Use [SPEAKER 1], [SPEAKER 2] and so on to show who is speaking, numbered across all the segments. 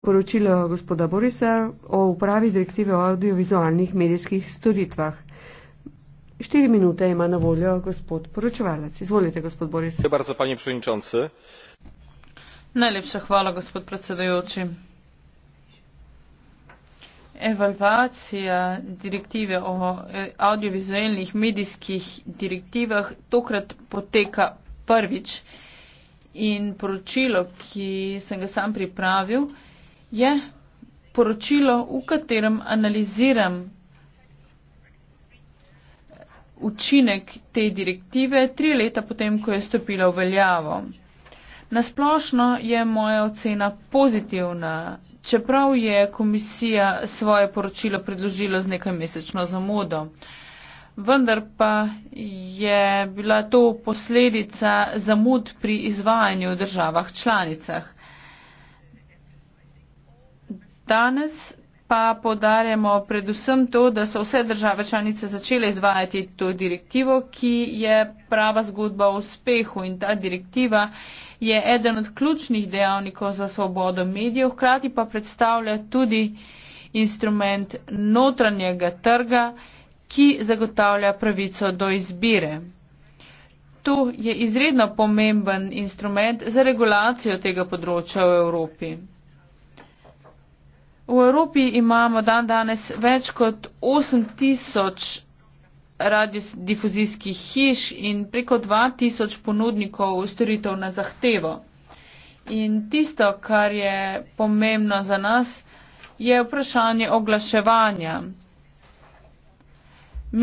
[SPEAKER 1] poročilo gospoda Borisa o upravi direktive o audiovizualnih medijskih storitvah. Štiri minute ima na voljo gospod poročevalec. Izvolite, gospod Boris. Bardzo, Najlepša hvala, gospod predsedajoči. Evalvacija direktive o e, audiovizualnih medijskih direktivah tokrat poteka prvič in poročilo, ki sem ga sam pripravil, je poročilo, v katerem analiziram učinek te direktive tri leta potem, ko je stopila v veljavo. Nasplošno je moja ocena pozitivna, čeprav je komisija svoje poročilo predložila z nekaj mesečno zamudo. Vendar pa je bila to posledica zamud pri izvajanju v državah članicah danes pa podarjamo predvsem to, da so vse države članice začele izvajati to direktivo, ki je prava zgodba o uspehu in ta direktiva je eden od ključnih dejavnikov za svobodo medijev, hkrati pa predstavlja tudi instrument notranjega trga, ki zagotavlja pravico do izbire. To je izredno pomemben instrument za regulacijo tega področja v Evropi. V Evropi imamo dan danes več kot 8000 radiodifuzijskih hiš in preko 2000 ponudnikov storitev na zahtevo. In tisto, kar je pomembno za nas, je vprašanje oglaševanja.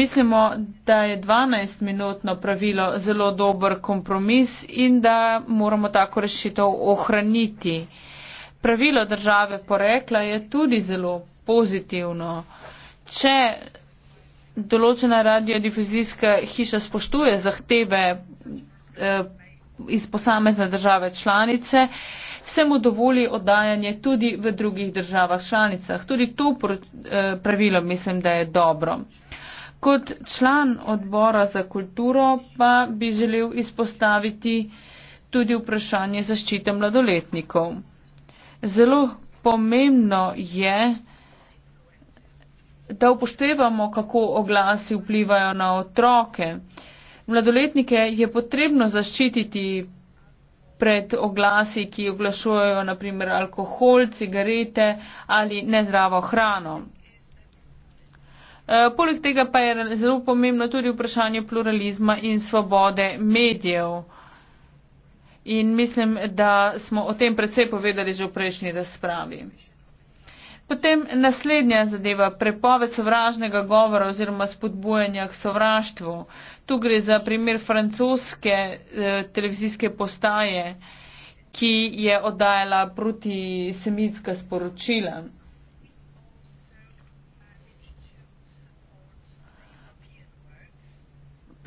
[SPEAKER 1] Mislimo, da je 12-minutno pravilo zelo dober kompromis in da moramo tako rešitev ohraniti pravilo države porekla je tudi zelo pozitivno. Če določena radiodifuzijska hiša spoštuje zahteve eh, iz posamezne države članice, se mu dovoli oddajanje tudi v drugih državah članicah. Tudi to eh, pravilo mislim, da je dobro. Kot član odbora za kulturo pa bi želel izpostaviti tudi vprašanje zaščite mladoletnikov zelo pomembno je, da upoštevamo, kako oglasi vplivajo na otroke. Mladoletnike je potrebno zaščititi pred oglasi, ki oglašujejo naprimer alkohol, cigarete ali nezdravo hrano. E, poleg tega pa je zelo pomembno tudi vprašanje pluralizma in svobode medijev. In mislim, da smo o tem predvsej povedali že v prejšnji razpravi. Potem naslednja zadeva, prepoved sovražnega govora oziroma spodbujanja k sovraštvu. Tu gre za primer francoske eh, televizijske postaje, ki je oddajala protisemitska sporočila.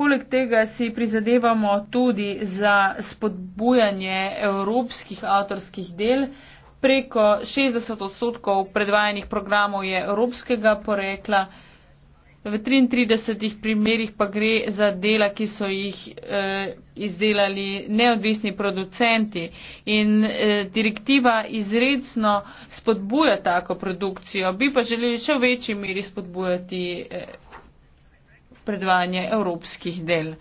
[SPEAKER 1] Poleg tega si prizadevamo tudi za spodbujanje evropskih avtorskih del. Preko 60 odstotkov predvajanih programov je evropskega porekla, v 33 primerjih pa gre za dela, ki so jih eh, izdelali neodvisni producenti. In eh, direktiva izredno spodbuja tako produkcijo, bi pa želeli še v večji meri spodbujati. Eh, predvajanje evropskih del.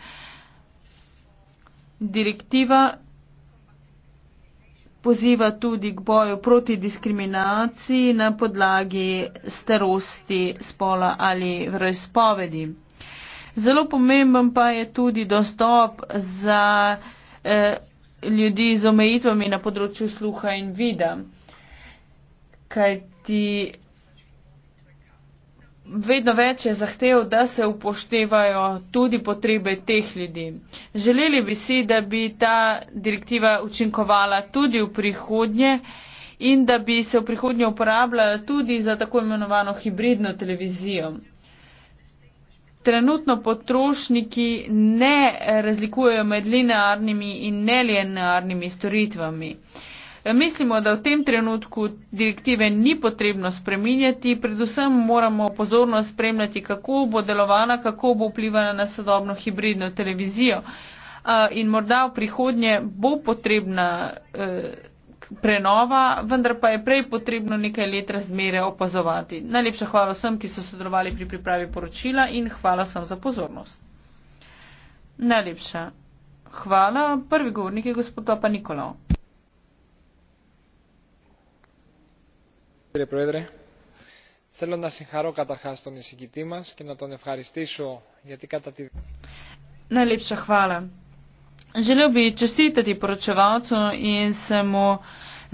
[SPEAKER 1] Direktiva poziva tudi k boju proti diskriminaciji na podlagi starosti, spola ali vrojspovedi. Zelo pomemben pa je tudi dostop za eh, ljudi z omejitvami na področju sluha in vida, kajti vedno več je zahtev, da se upoštevajo tudi potrebe teh ljudi. Želeli bi si, da bi ta direktiva učinkovala tudi v prihodnje in da bi se v prihodnje uporabljala tudi za tako imenovano hibridno televizijo. Trenutno potrošniki ne razlikujejo med linearnimi in nelinearnimi storitvami. Uh, Mislimo, da v tem trenutku direktive ni potrebno spreminjati, predvsem moramo pozornost spremljati, kako bo delovana, kako bo vplivala na sodobno hibridno televizijo. In morda v prihodnje bo potrebna e, prenova, vendar pa je prej potrebno nekaj let razmere opazovati. Najlepša hvala vsem, ki so sodelovali pri pripravi poročila in hvala vsem za pozornost. Najlepša hvala. Prvi govornik je gospod Papa Nikolov. κύριε Πρόεδρε.
[SPEAKER 2] Θέλω να συγχαρώ καταρχάς τον εισηγητή μας και να τον ευχαριστήσω γιατί κατά τη...
[SPEAKER 1] Να λείψω χβάλα. Želel bi čestitati poročevalcu in se mu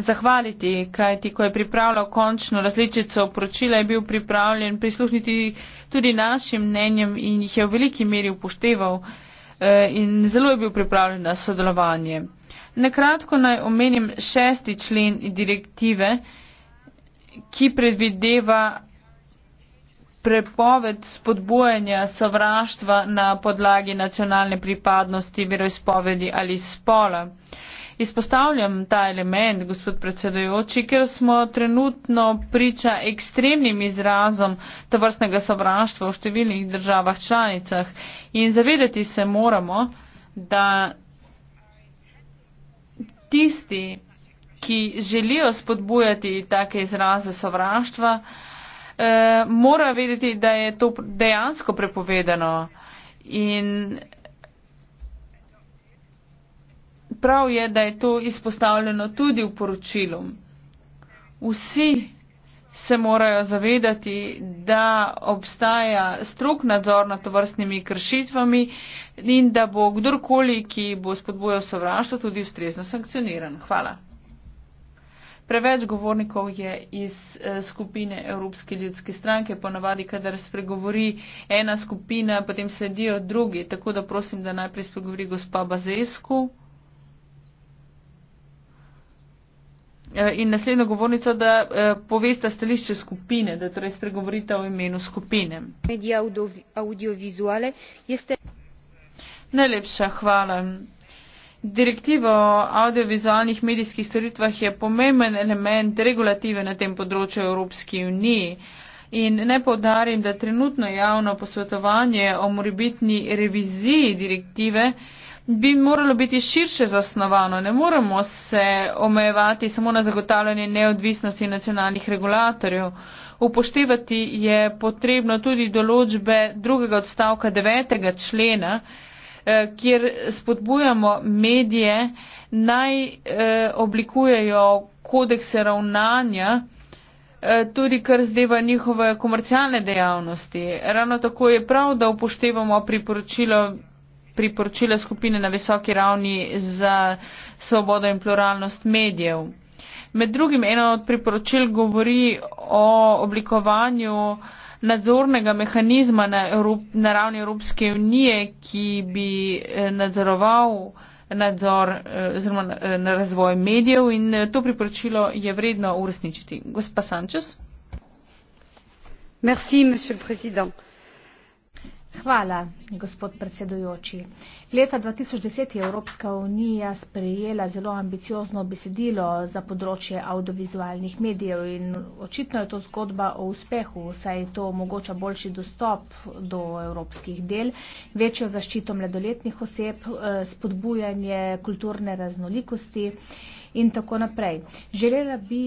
[SPEAKER 1] zahvaliti, kajti ko je pripravljal končno različico poročila, je bil pripravljen prisluhniti tudi našim mnenjem in jih je v veliki meri upošteval eh, in zelo je bil pripravljen na sodelovanje. Nekratko naj omenim šesti člen direktive, ki predvideva prepoved spodbujanja sovraštva na podlagi nacionalne pripadnosti, veroizpovedi ali spola. Izpostavljam ta element, gospod predsedujoči, ker smo trenutno priča ekstremnim izrazom tovrstnega sovraštva v številnih državah članicah in zavedati se moramo, da tisti, ki želijo spodbujati take izraze sovraštva, eh, mora vedeti, da je to dejansko prepovedano. In prav je, da je to izpostavljeno tudi v poročilu. Vsi se morajo zavedati, da obstaja strok nadzor nad tovrstnimi kršitvami in da bo kdorkoli, ki bo spodbojal sovraštvo, tudi ustrezno sankcioniran. Hvala. Preveč govornikov je iz eh, skupine Evropske ljudske stranke, ponavadi, kadar spregovori ena skupina, potem sledijo drugi. Tako da prosim, da najprej spregovori gospa Bazesku. Eh, in naslednjo govornico, da eh, povesta stališče skupine, da torej spregovorite o imenu skupine.
[SPEAKER 2] Medija audiovizuale jeste.
[SPEAKER 1] Najlepša hvala. Direktiva o audiovizualnih medijskih storitvah je pomemben element regulative na tem področju Evropske unije. In ne povdarim, da trenutno javno posvetovanje o moribitni reviziji direktive bi moralo biti širše zasnovano. Ne moremo se omejevati samo na zagotavljanje neodvisnosti nacionalnih regulatorjev. Upoštevati je potrebno tudi določbe drugega odstavka devetega člena, Eh, kjer spodbujamo medije naj eh, oblikujejo kodekse ravnanja, eh, tudi kar zdeva njihove komercialne dejavnosti. Ravno tako je prav, da upoštevamo priporočilo priporočila skupine na visoki ravni za svobodo in pluralnost medijev. Med drugim eno od priporočil govori o oblikovanju uh, nadzornega mehanizma na, Evrop, na ravni Evropske unije, ki bi eh, nadzoroval nadzor eh, oziroma eh, na razvoj medijev in to priporočilo je vredno uresničiti. Gospa Sančes.
[SPEAKER 2] Merci, monsieur le Président. Hvala, gospod predsedujoči. Leta 2010 je Evropska unija sprejela zelo ambiciozno besedilo za področje audiovizualnih medijev in očitno je to zgodba o uspehu, saj to omogoča boljši dostop do evropskih del, večjo zaščito mladoletnih oseb, eh, spodbujanje kulturne raznolikosti in tako naprej. Želela bi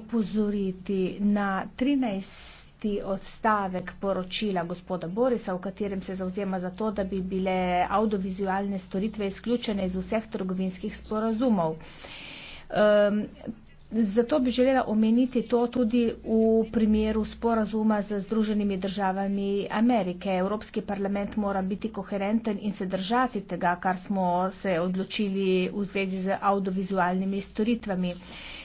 [SPEAKER 2] opozoriti na 13 tisti odstavek poročila gospoda Borisa, v katerem se zauzema za to, da bi bile audiovizualne storitve izključene iz vseh trgovinskih sporazumov. Um, zato bi želela omeniti to tudi v primeru sporazuma z Združenimi državami Amerike. Evropski parlament mora biti koherenten in se držati tega, kar smo se odločili v zvezi z audiovizualnimi storitvami. Uh,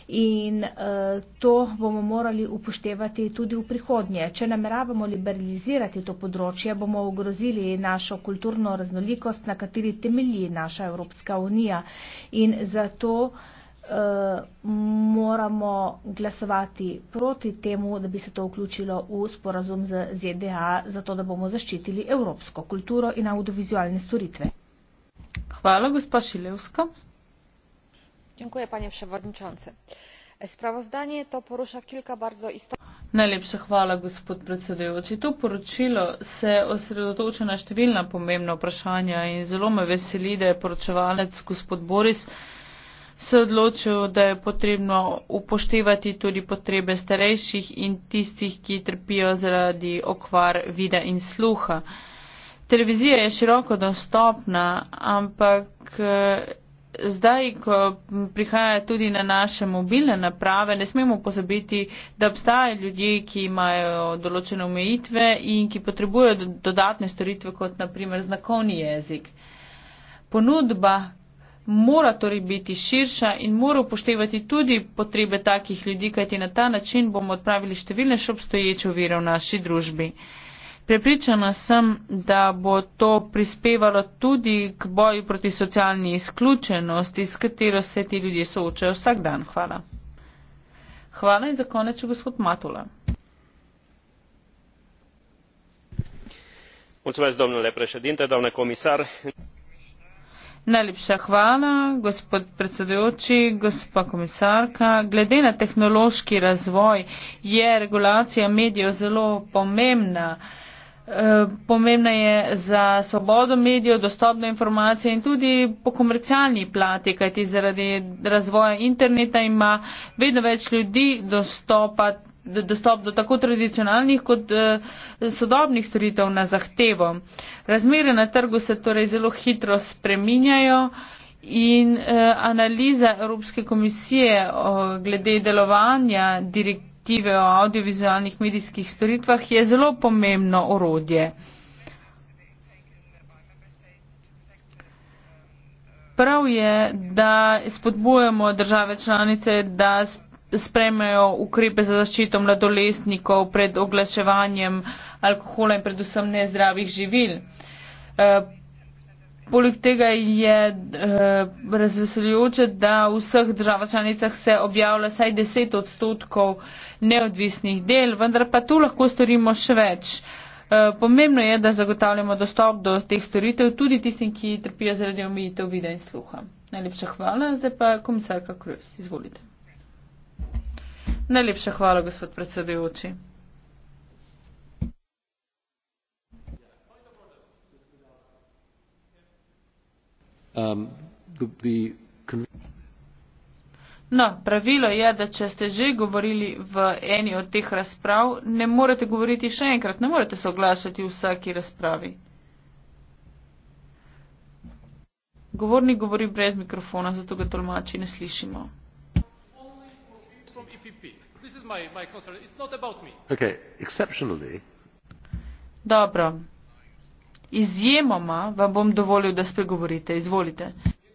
[SPEAKER 2] in uh, to bomo morali upoštevati tudi v prihodnje. Če nameravamo liberalizirati to področje, bomo ogrozili našo kulturno raznolikost, na kateri temelji naša Evropska unija in zato eh, moramo glasovati proti temu, da bi se to vključilo v sporazum z ZDA, zato da bomo zaščitili evropsko kulturo in audiovizualne storitve.
[SPEAKER 1] Hvala, gospa Šilevska
[SPEAKER 2] panie przewodniczący! sprawozdanie to porusza kilka bardzo istotnych.
[SPEAKER 1] najlepša hvala gospod predsedujoči to poročilo se osredotoča na številna pomembna vprašanja in zelo me veseli da je poročevalec gospod boris se odločil da je potrebno upoštevati tudi potrebe starejših in tistih ki trpijo zaradi okvar vida in sluha. televizija je široko dostopna ampak eh, zdaj, ko prihaja tudi na naše mobilne naprave, ne smemo pozabiti, da obstajajo ljudje, ki imajo določene omejitve in ki potrebujejo dodatne storitve, kot naprimer znakovni jezik. Ponudba mora torej biti širša in mora upoštevati tudi potrebe takih ljudi, kajti na ta način bomo odpravili številne še obstoječe ovire v naši družbi. Prepričana sem, da bo to prispevalo tudi k boju proti socialni izključenosti, s katero se ti ljudje soočajo vsak dan. Hvala. Hvala in za konec, gospod Matula. Najlepša hvala, gospod predsedujoči, gospa komisarka. Glede na tehnološki razvoj je regulacija medijev zelo pomembna. Eh, pomembna je za svobodo medijev, dostop do informacije in tudi po komercialni plati, kajti zaradi razvoja interneta ima vedno več ljudi dostopa, dostop do tako tradicionalnih kot eh, sodobnih storitev na zahtevo. Razmere na trgu se torej zelo hitro spreminjajo. In eh, analiza Evropske komisije o, glede delovanja direktiv direktive o audiovizualnih medijskih storitvah je zelo pomembno orodje. Prav je, da spodbujemo države članice, da spremejo ukrepe za zaščito mladolestnikov pred oglaševanjem alkohola in predvsem nezdravih živil. Eh, Poleg tega je eh, razveseljujoče, da v vseh državah članicah se objavlja saj 10 odstotkov neodvisnih del, vendar pa tu lahko storimo še več. Eh, pomembno je, da zagotavljamo dostop do teh storitev tudi tistim, ki trpijo zaradi omejitev vida in sluha. Najlepša hvala, zdaj pa komisarka Kruz, izvolite. Najlepša hvala, gospod predsedujoči. Um, no, pravilo je, da če ste že govorili v eni od teh razprav, ne morete govoriti še enkrat, ne morete se oglašati v vsaki razpravi. Govornik govori brez mikrofona, zato ga tolmači ne slišimo. My, my okay, Dobro. Izjemoma vam bom dovolil, da spregovorite. Izvolite.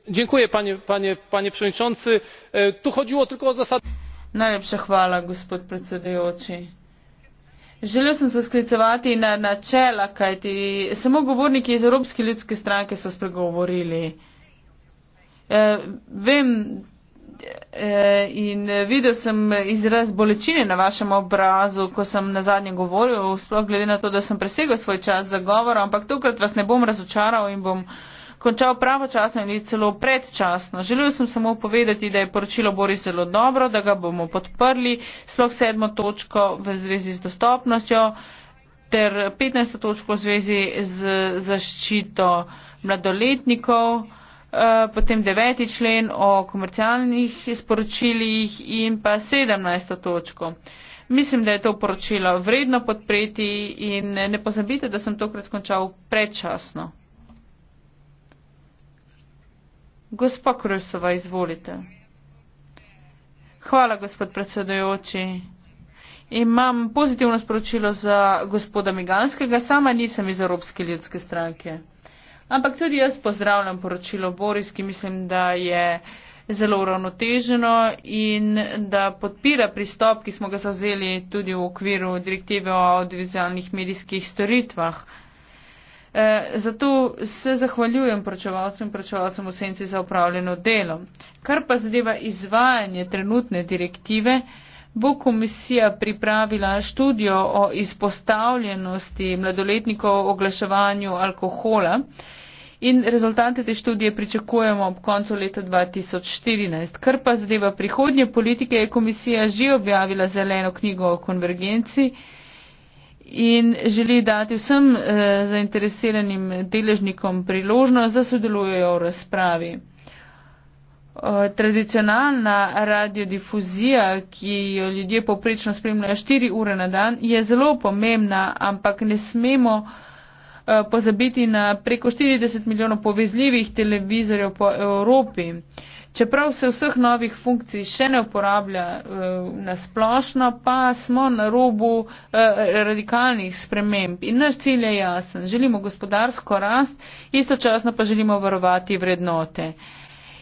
[SPEAKER 1] Dziękuję, panie, panie, panie przewodniczący. E, tu chodziło tylko o zasady. Najlepša hvala, gospod predsedujoči. Želel sem se sklicevati na načela, kajti samo govorniki iz Evropske ljudske stranke so spregovorili. E, vem, Eh, in eh, videl sem izraz bolečine na vašem obrazu, ko sem na zadnje govoril, sploh glede na to, da sem presegel svoj čas za govor, ampak tokrat vas ne bom razočaral in bom končal pravočasno in celo predčasno. Želel sem samo povedati, da je poročilo Bori zelo dobro, da ga bomo podprli, sploh sedmo točko v zvezi z dostopnostjo ter 15. točko v zvezi z zaščito mladoletnikov. Eh, potem deveti člen o komercialnih sporočilih in pa sedemnajsto točko. Mislim, da je to poročilo vredno podpreti in ne pozabite, da sem tokrat končal predčasno. Gospa Krusova, izvolite. Hvala, gospod predsedujoči. Imam pozitivno sporočilo za gospoda Miganskega, sama nisem iz Evropske ljudske stranke. Ampak tudi jaz pozdravljam poročilo Boris, ki mislim, da je zelo uravnoteženo in da podpira pristop, ki smo ga zauzeli tudi v okviru direktive o audiovizualnih medijskih storitvah. E, zato se zahvaljujem poročevalcem in poročevalcem v senci za upravljeno delo. Kar pa zadeva izvajanje trenutne direktive, bo komisija pripravila študijo o izpostavljenosti mladoletnikov oglaševanju alkohola, in rezultate te študije pričakujemo ob koncu leta 2014. Kar pa zadeva prihodnje politike, je komisija že objavila zeleno knjigo o konvergenci in želi dati vsem e, zainteresiranim deležnikom priložnost, da sodelujejo v razpravi. Eh, tradicionalna radiodifuzija, ki jo ljudje poprečno spremljajo 4 ure na dan, je zelo pomembna, ampak ne smemo uh, Eh, pozabiti na preko 40 milijonov povezljivih televizorjev po Evropi. Čeprav se vseh novih funkcij še ne uporablja eh, na splošno, pa smo na robu eh, radikalnih sprememb in naš cilj je jasen. Želimo gospodarsko rast, istočasno pa želimo varovati vrednote.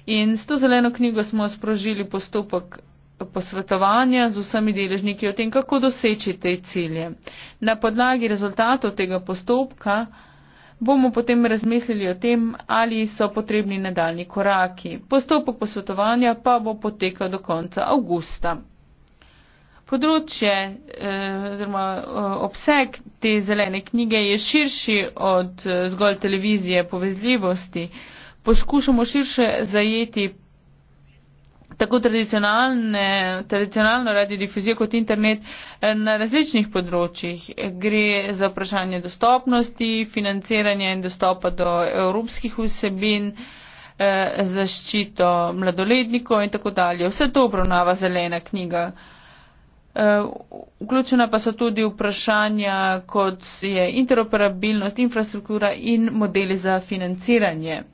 [SPEAKER 1] In s to zeleno knjigo smo sprožili postopek posvetovanja z vsemi deležniki o tem, kako doseči te cilje. Na podlagi rezultatov tega postopka bomo potem razmislili o tem, ali so potrebni nadaljni koraki. Postopek posvetovanja pa bo potekal do konca avgusta. Področje eh, oziroma eh, obseg te zelene knjige je širši od eh, zgolj televizije povezljivosti. Poskušamo širše zajeti tako tradicionalne, tradicionalno radiodifuzijo kot internet eh, na različnih področjih. Gre za vprašanje dostopnosti, financiranja in dostopa do evropskih vsebin, eh, zaščito mladoletnikov in tako dalje. Vse to obravnava zelena knjiga. Eh, vključena pa so tudi vprašanja, kot je interoperabilnost, infrastruktura in modeli za financiranje.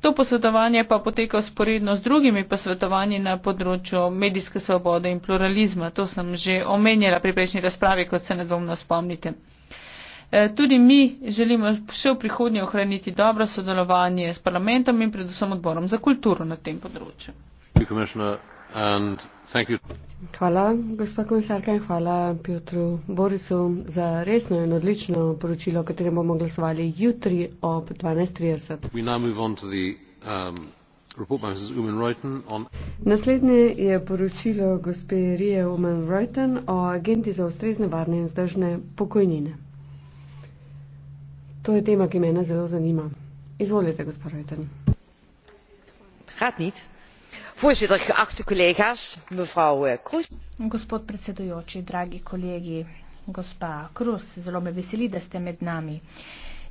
[SPEAKER 1] To posvetovanje pa poteka sporedno z drugimi posvetovanji na področju medijske svobode in pluralizma. To sem že omenjala pri prejšnji razpravi, kot se nedvomno spomnite. E, tudi mi želimo še v prihodnje ohraniti dobro sodelovanje s parlamentom in predvsem odborom za kulturo na tem področju. Hvala, gospa komisarka, in hvala Piotru Borisu za resno in odlično poročilo, o katerem bomo glasovali jutri ob
[SPEAKER 2] 12.30. Um,
[SPEAKER 1] Naslednje je poročilo gospe Rije Umen Reuten o agenti za ustrezne varne in zdržne pokojnine. To je tema, ki mene zelo zanima. Izvolite, gospod Reuten. Gaat niet
[SPEAKER 2] voorzitter geachte collega's mevrouw eh, kroes gospod predsedujoči dragi kolegi gospa kroes zelo me veseli da ste med nami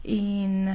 [SPEAKER 2] in